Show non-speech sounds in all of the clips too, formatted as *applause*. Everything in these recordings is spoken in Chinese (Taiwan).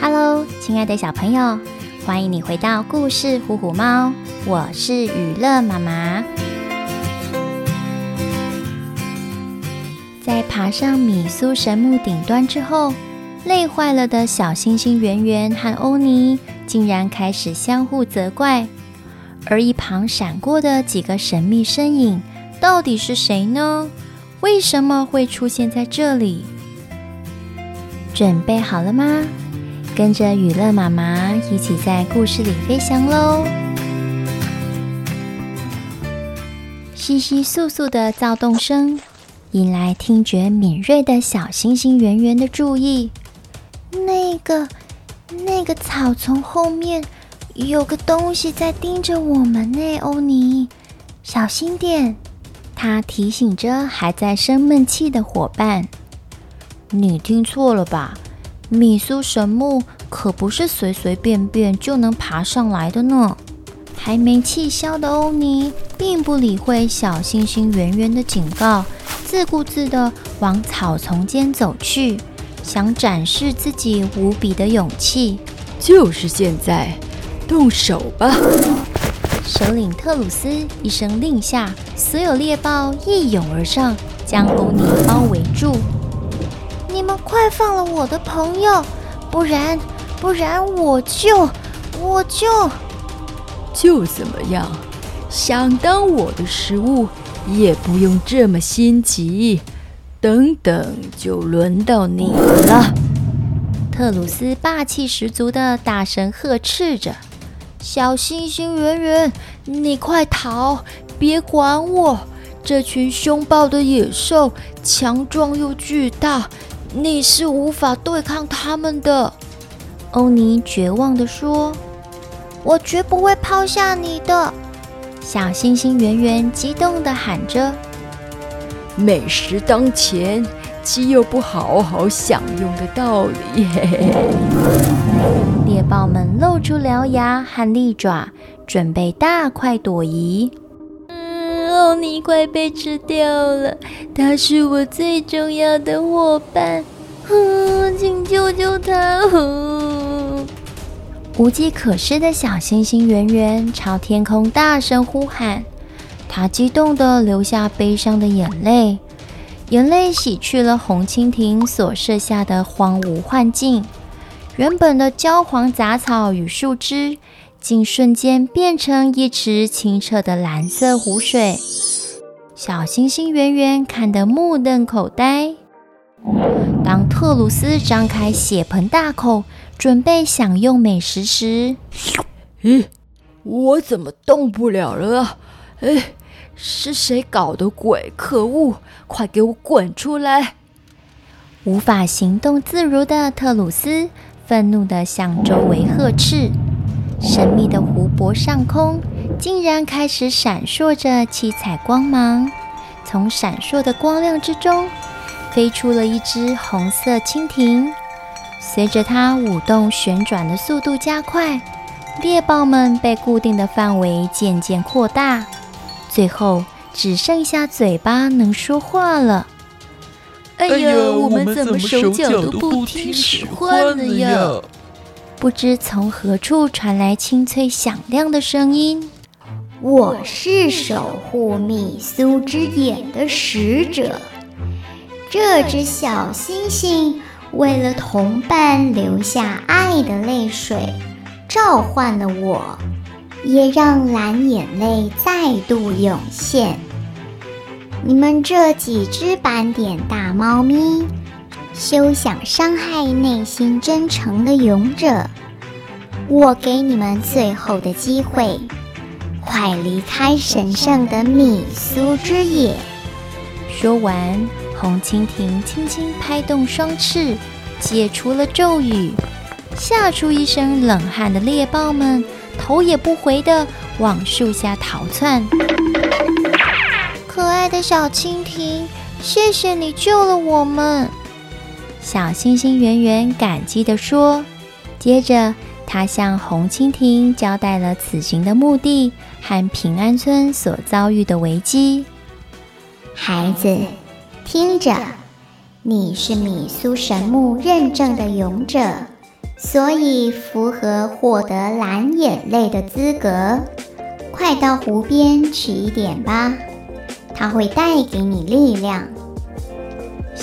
Hello，親愛的小朋友，歡迎你回到故事《虎虎貓》。我是雨樂媽媽。在爬上米蘇神木頂端之後，累壞了的小猩猩圓圓和歐尼竟然開始相互責怪，而一旁閃過的幾個神秘身影，到底是誰呢？為什麼會出現在這裡？準備好了嗎？跟着雨樂媽媽一起在故事裡飛翔嘍！窸窸窣窣的躁動聲引來聽覺敏銳的小星星猩猩圓圓的注意。那個、那個草叢後面有個東西在盯着我們呢，歐尼，小心點！他提醒着還在生悶氣的夥伴。你聽錯了吧？米蘇神木可不是隨隨便便便就能爬上來的呢。還沒氣消的歐尼並不理會小猩猩圓圓的警告，自顧自地往草叢間走去，想展示自己無比的勇氣。就是現在，動手吧！首領特魯斯一聲令下，所有獵豹一擁而上，將歐尼包圍住。你們快放了我的朋友，不然，不然我就我就就，怎麼樣？想當我的食物也不用這麼心急，等等，就輪到你了！特魯斯霸氣十足地大聲呵斥着：“小猩猩圓圓，你快逃，別管我！這群兇暴的野獸，強壯又巨大。”你是無法對抗他們的，歐尼絕望地說：“我絕不會拋下你的。你的”小猩猩圓圓激動地喊着：“美食當前，豈有不好好享用的道理？”嘿嘿，獵豹們露出獠牙和利爪，準備大快朵頤。你快被吃掉了！他是我最重要的夥伴，嗯，請救救他！呵呵無計可施的小星星圓圓朝天空大聲呼喊，他激動地流下悲傷的眼淚，眼淚洗去了紅蜻蜓所設下的荒蕪幻境，原本的焦黃雜草與樹枝。竟瞬間變成一池清澈的藍色湖水。小猩猩圓圓看得目瞪口呆。當特魯斯張開血盆大口準備享用美食時，咦、嗯，我怎麼動不了了？哎，是誰搞的鬼？可惡！快給我滾出來！無法行動自如的特魯斯憤怒地向周圍呵斥。神祕的湖泊上空，竟然開始閃爍着七彩光芒。從閃爍的光亮之中，飛出了一隻紅色蜻蜓。隨着它舞動旋轉的速度加快，獵豹們被固定的範圍漸漸擴大，最後只剩下嘴巴能說話了。哎呀，我們怎麼手腳都不聽使喚了呀？哎呀不知從何處傳來清脆響亮的聲音。我是守護米蘇之眼的使者。這隻小猩猩為了同伴流下愛的淚水，召喚了我，也讓藍眼淚再度湧現。你們這幾隻斑點大貓咪。休想傷害內心真誠的勇者！我給你們最後的機會，快離開神聖的米蘇之野！說完，紅蜻蜓輕輕輕拍動雙翅，解除了咒語。嚇出一身冷汗的獵豹們，頭也不回地往樹下逃竄。可愛的小蜻蜓，謝謝你救了我們！小猩猩圓圓感激地說。接着，他向紅蜻蜓交代了此行的目的和平安村所遭遇的危機。孩子，聽着，你是米蘇神木認證的勇者，所以符合獲得藍眼淚的資格。快到湖邊取一點吧，它會帶給你力量。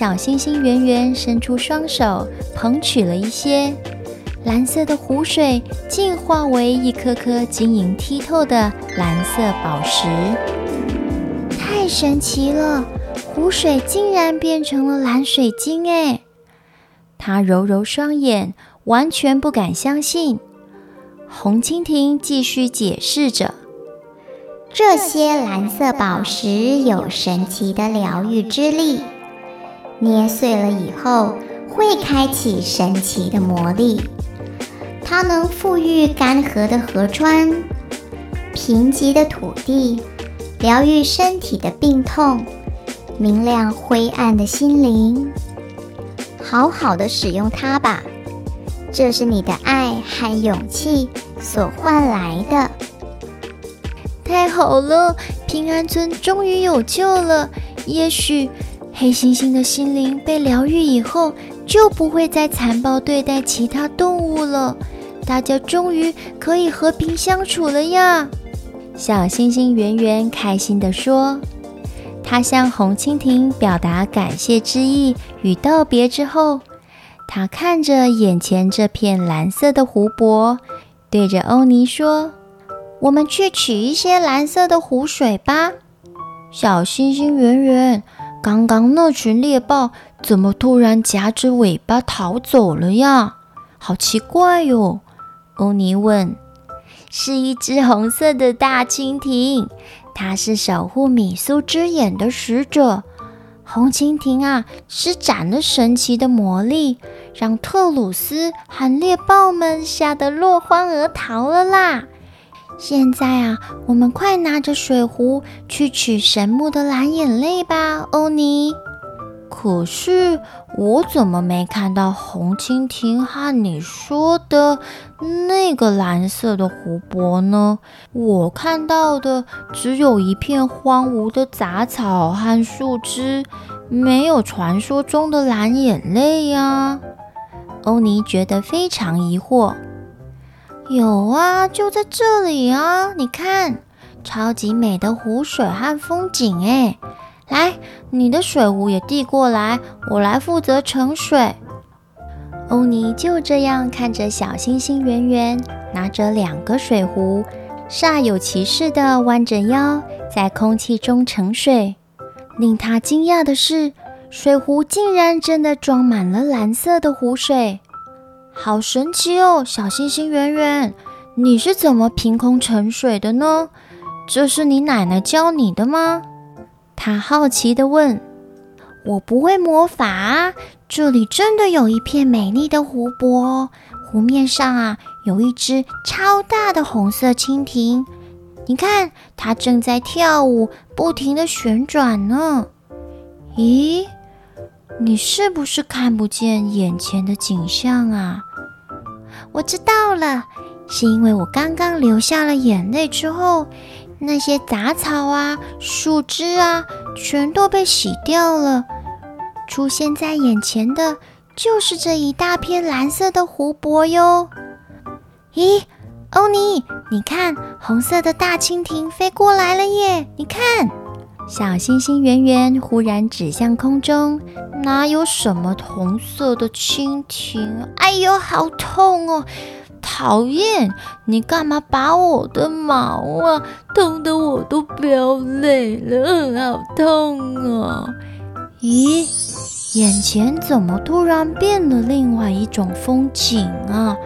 小猩猩圓圓伸出雙手，捧取了一些藍色的湖水，竟化為一顆顆晶瑩剔透的藍色寶石。太神奇了，湖水竟然變成了藍水晶！誒！他揉揉雙眼，完全不敢相信。紅蜻蜓繼續解釋着：“這些藍色寶石有神奇的療癒之力。”捏碎了以後會開啟神奇的魔力，它能富裕乾涸的河川、貧瘠的土地，療癒身體的病痛，明亮灰暗的心靈。好好的使用它吧，這是你的愛和勇氣所換來的。太好了，平安村終於有救了。也許。黑猩猩的心靈被療癒以後，就不會再殘暴對待其他動物了。大家終於可以和平相處了呀！小猩猩圓圓開心地說。他向紅蜻蜓表達感謝之意與道別之後，他看着眼前這片藍色的湖泊，對着歐尼說：“我們去取一些藍色的湖水吧。”小猩猩圓圓。剛剛那群獵豹怎麼突然夾着尾巴逃走了呀？好奇怪喲！歐尼問：“是一只紅色的大蜻蜓，它是守護米蘇之眼的使者。紅蜻蜓啊，施展了神奇的魔力，讓特魯斯和獵豹們嚇得落荒而逃了啦！”現在啊，我們快拿着水壺去取神木的藍眼淚吧，歐尼。可是我怎麼沒看到紅蜻蜓和你說的那個藍色的湖泊呢？我看到的只有一片荒蕪的雜草和樹枝，沒有傳說中的藍眼淚呀。歐尼覺得非常疑惑。有啊，就在這裡啊！你看，超級美的湖水和風景哎！來，你的水壺也遞過來，我來負責盛水。歐尼就這樣看着小猩猩圓圓，拿着兩個水壺，煞有其事的彎着腰在空氣中盛水。令他驚訝的是，水壺竟然真的裝滿了藍色的湖水。好神奇哦，小猩猩圓圓，你是怎麼憑空沉水的呢？這是你奶奶教你的嗎？他好奇地問。我不會魔法啊，這裡真的有一片美麗的湖泊，湖面上啊有一隻超大的紅色蜻蜓，你看它正在跳舞，不停地旋轉呢。咦，你是不是看不見眼前的景象啊？我知道了，是因為我剛剛流下了眼淚之後，那些雜草啊、樹枝啊，全都被洗掉了。出現在眼前的就是這一大片藍色的湖泊喲。咦，歐尼，你看，紅色的大蜻蜓飛過來了耶！你看。小猩猩圓圓忽然指向空中。哪有什麼紅色的蜻蜓啊？哎呦，好痛哦！討厭，你幹嘛拔我的毛啊？痛得我都飆淚了，好痛啊，哦！咦，眼前怎麼突然變了另外一種風景啊？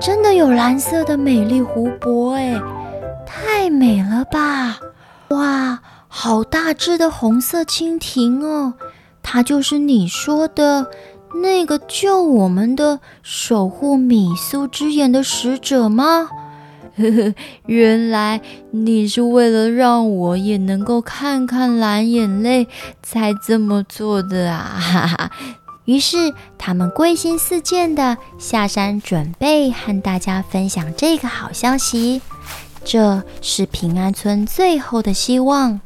真的有藍色的美麗湖泊哎，太美了吧！哇！好大只的紅色蜻蜓哦！它就是你說的那個救我們的、守護米蘇之眼的使者嗎？呵呵，原來你是為了讓我也能夠看看藍眼淚才這麼做的啊！ *laughs* 於是他們歸心似箭的下山，準備和大家分享這個好消息。這是平安村最後的希望。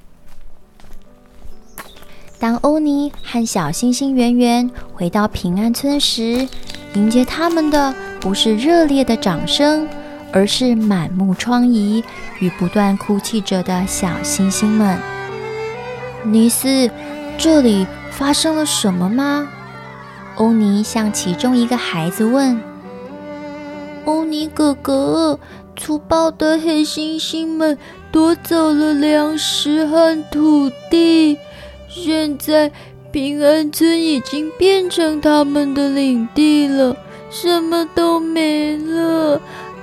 當歐尼和小猩猩圓圓回到平安村時，迎接他們的不是熱烈的掌聲，而是滿目瘡痍與不斷哭泣着的小猩猩們。尼斯，這裡發生了什麼嗎？歐尼向其中一個孩子問。歐尼哥哥，粗暴的黑猩猩們奪走了糧食和土地。現在，平安村已經變成他們的領地了，什麼都沒了，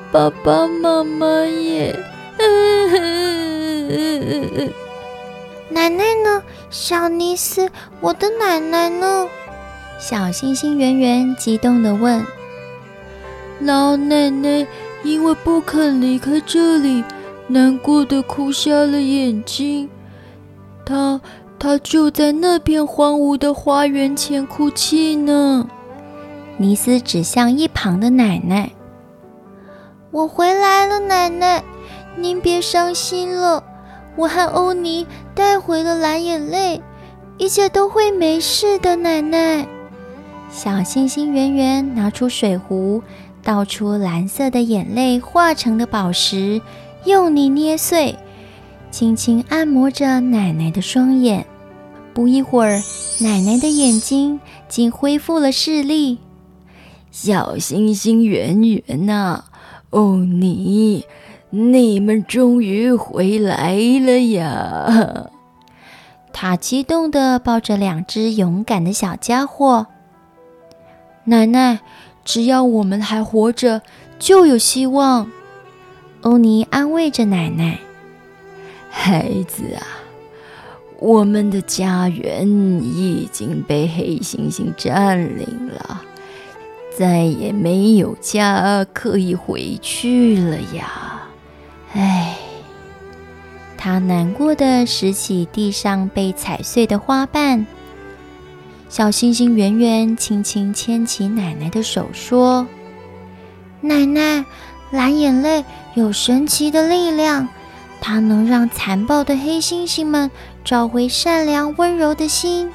爸爸媽媽也， *laughs* 奶奶呢？小尼斯，我的奶奶呢？小猩猩圓圓激動地問。老奶奶因為不肯離開這裡，難過地哭瞎了眼睛，她。他就在那片荒蕪的花園前哭泣呢。尼斯指向一旁的奶奶：“我回來了，奶奶，您別傷心了。我和歐尼帶回了藍眼淚，一切都會沒事的，奶奶。”小猩猩圓圓拿出水壺，倒出藍色的眼淚化成的寶石，用力捏碎。輕輕按摩着奶奶的雙眼，不一會兒，奶奶的眼睛竟恢復了視力。小猩猩圓圓吶、啊，歐尼，你們終於回來了呀！他激動地抱着兩隻勇敢的小傢伙。奶奶，只要我們還活着，就有希望。歐尼安慰着奶奶。孩子啊，我們的家園已經被黑猩猩占領了，再也沒有家可以回去了呀！哎，他難過的拾起地上被踩碎的花瓣。小猩猩圓圓輕輕牽起奶奶的手說：“奶奶，藍眼淚有神奇的力量。”它能讓殘暴的黑猩猩們找回善良溫柔的心。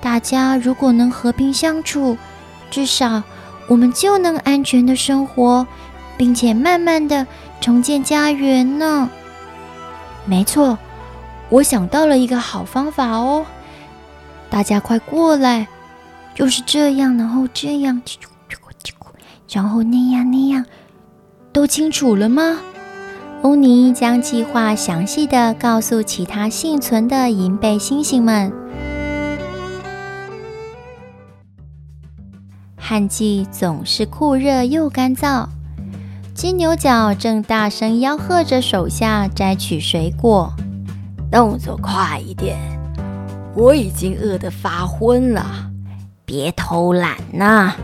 大家如果能和平相處，至少我們就能安全的生活，並且慢慢的重建家園呢。沒錯，我想到了一個好方法哦！大家快過來！就是這樣，然後這樣，然後那樣那樣，都清楚了嗎？歐尼將計劃詳細的告訴其他幸存的銀背猩猩們。旱季總是酷熱又乾燥，金牛角正大聲吆喝着手下摘取水果，動作快一點，我已經餓得發昏了，別偷懶吶、啊！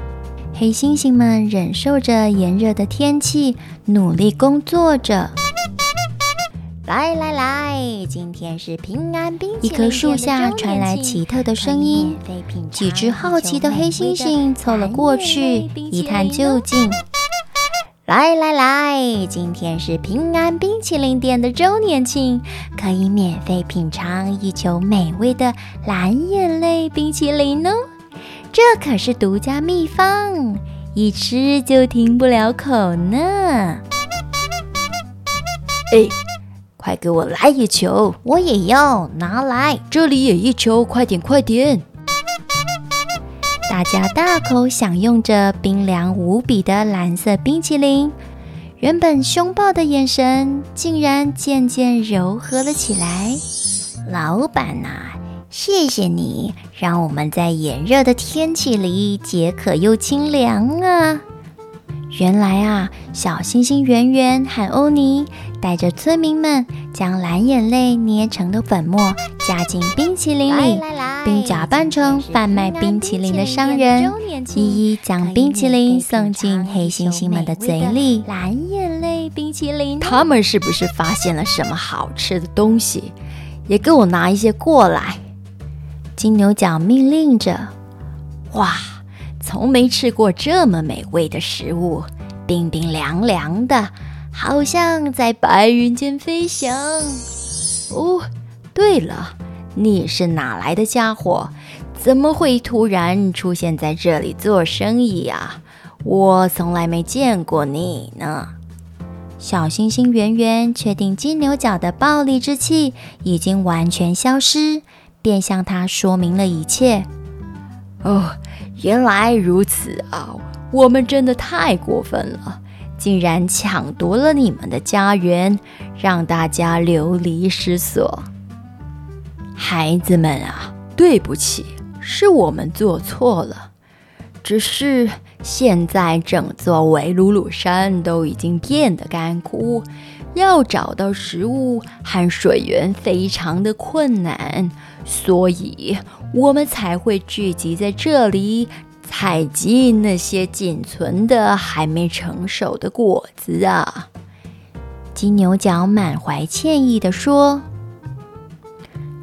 黑猩猩們忍受着炎熱的天氣，努力工作着。冰淇淋！一棵樹下傳來奇特的聲音，幾隻好奇的黑猩猩湊了過去一探究竟。來來來，今天是平安冰淇淋店的週年慶，可以免費品嘗一球美味的藍眼淚冰淇淋哦！這可是獨家秘方，一吃就停不了口呢。哎。快給我來一球！我也要拿來，這裡也一球！快點，快點！大家大口享用着冰涼無比的藍色冰淇淋，原本凶暴的眼神竟然漸漸柔和了起來。老闆吶、啊，謝謝你讓我們在炎熱的天氣裡解渴又清涼啊！原來啊，小猩猩圓圓和歐尼帶着村民們將藍眼淚捏成的粉末加進冰淇淋裡，來來來並假扮成販賣冰淇淋的商人天一天，一一將冰淇淋送進黑猩猩們的嘴裡。藍眼淚冰淇淋，他們是不是發現了什麼好吃的東西？也給我拿一些過來。金牛角命令着。哇！從沒吃過這麼美味的食物，冰冰涼涼的，好像在白雲間飛翔。哦，對了，你是哪來的家伙？怎麼會突然出現在這裡做生意呀、啊？我從來沒見過你呢。小猩猩圓圓確定金牛角的暴戾之氣已經完全消失，便向他說明了一切。哦。原來如此啊，我們真的太過分了，竟然搶奪了你們的家園，讓大家流離失所。孩子們啊，對不起，是我們做錯了。只是現在，整座維魯魯山都已經變得乾枯，要找到食物和水源非常的困難，所以我們才會聚集在這裡，採集那些僅存的還沒成熟的果子啊。金牛角滿懷歉意地說：“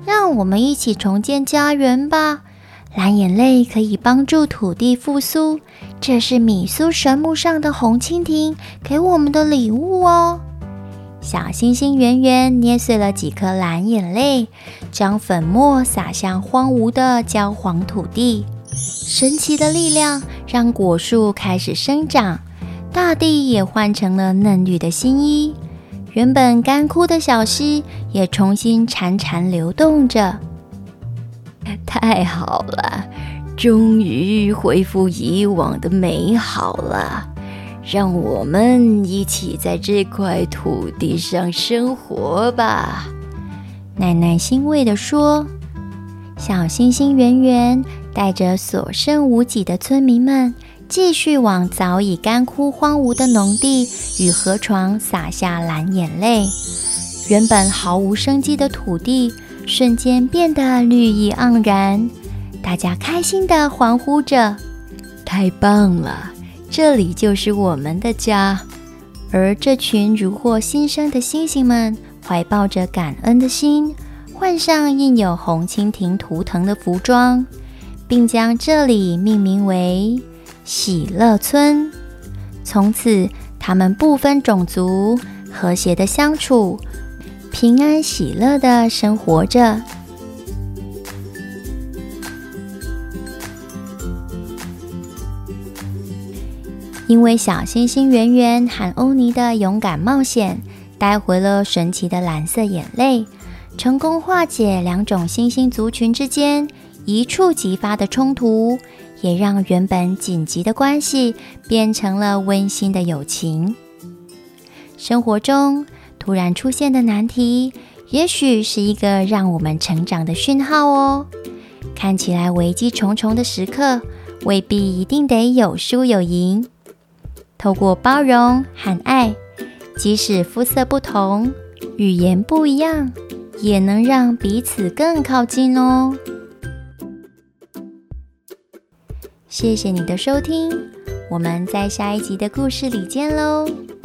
讓我們一起重建家園吧。”藍眼淚可以幫助土地復甦，這是米蘇神木上的紅蜻蜓給我們的禮物哦。小猩猩圓圓捏碎了幾顆藍眼淚，將粉末撒向荒蕪的焦黃土地。神奇的力量讓果樹開始生長，大地也換成了嫩綠的新衣。原本乾枯的小溪也重新潺潺流動着。太好了，終於恢復以往的美好了。讓我們一起在這塊土地上生活吧。”奶奶欣慰地說。小猩猩圓圓帶着所剩無幾的村民們，繼續往早已乾枯荒蕪的農地與河床灑下藍眼淚。原本毫無生機的土地，瞬間變得綠意盎然，大家開心的歡呼着：“太棒了！這裡就是我們的家。”而這群如獲新生的猩猩們，懷抱着感恩的心，換上印有紅蜻蜓圖騰的服裝，並將這裡命名為“喜樂村”。從此，他們不分種族，和諧的相處。平安喜樂的生活着，因為小猩猩圓圓和歐尼的勇敢冒險，帶回了神奇的藍色眼淚，成功化解兩種猩猩族群之間一觸即發的衝突，也讓原本緊急的關係變成了溫馨的友情。生活中。突然出現的難題，也許是一個讓我們成長的訊號哦。看起來危機重重的時刻，未必一定得有輸有贏。透過包容和愛，即使膚色不同、語言不一樣，也能讓彼此更靠近哦。謝謝你的收聽，我們在下一集的故事裡見嘍。